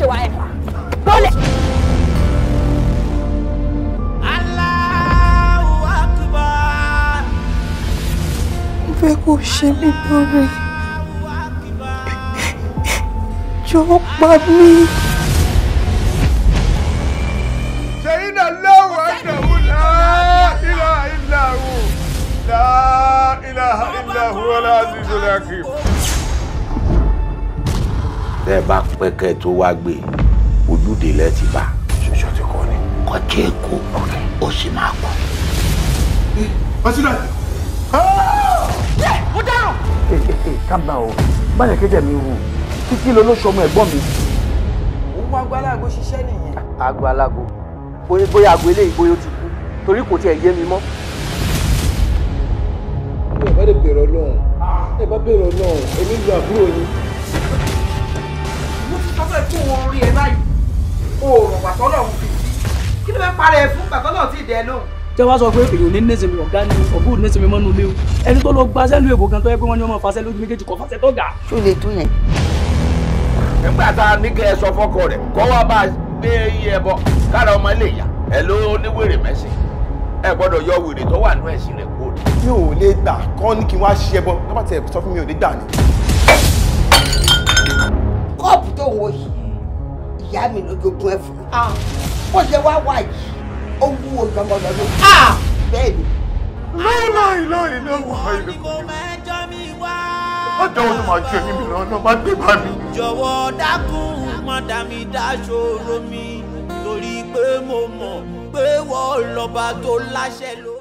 ṣe wà ẹ̀ lọ́lẹ̀. Allahu Akbar. mo fẹ́ kó o ṣe mí lóore jọ̀ọ́ pa mí. ṣèyídà lọ́wọ́ ẹ̀dẹ̀wò la ilaha illa la azizul hakim tẹ́ ẹ bá pẹ́ kẹ́ ẹ tó wá gbé ojúde lẹ́ ti bá. ṣoṣo ti kọ́ ni. kọjá èkó ó sì máa kú. ọsibẹ. mo dárò. kábà o báyọ̀ kéjẹ̀ mi wù títí lo ló sọmọ ẹ̀gbọ́n mi. òun wá agbálago ṣiṣẹ́ nìyẹn. agbálago bóyá aago eléyìí bóyá ó ti kú torí kò tiẹ̀ yé mi mọ́. ẹ bá lè bèrè ọlọ́run ẹ bá bèrè ọlọ́run èmi lu àbúrò yín. para ẹ̀ fún bàtọ́ náà ti dẹ̀ lóhùn. jẹ́ wá sọ pé èèyàn ní nẹ́sìmí ọ̀gá ni ọ̀gá ò nẹ́sìmí mọ́nú ilé o ẹni tó lọ gbaṣẹ́ lu èbò kan tó yẹ pé wọ́n ní ọmọ fasẹ́ lójú méjèèjì kọ́ fasẹ́ tó ga. ṣó lè tún yẹn. nígbà tá a ní kẹ́ ẹ sọ fọ́kọ rẹ̀ kọ́ wá bá a gbé iye ẹbọ kára ọmọ ilé ìyá ẹ ló níwèrè mẹ́sìn ẹ gbọ́dọ̀ yọ wèrè tó wà nú ẹ̀sìn rẹ̀ kúrò. mi ò lè gbà kọ́ ní kí n wá ṣe ẹbọ tó bá tiẹ̀ wọ yìí ìyá mi lójoogun ẹ̀ fún mi. Ah. ó ṣe wá wá wò gangan lọ́dún. bẹ́ẹ̀ ni. láìláì láì lọ́wọ́ àìlè. ọjọ́ òun máa jẹ́ níbi náà náà má dé bá mi. jọ̀wọ́ dákun má dá mi dá ṣòro mi torí pé mo mọ̀ pé wọ́n lọ́ba tó láṣẹ ló.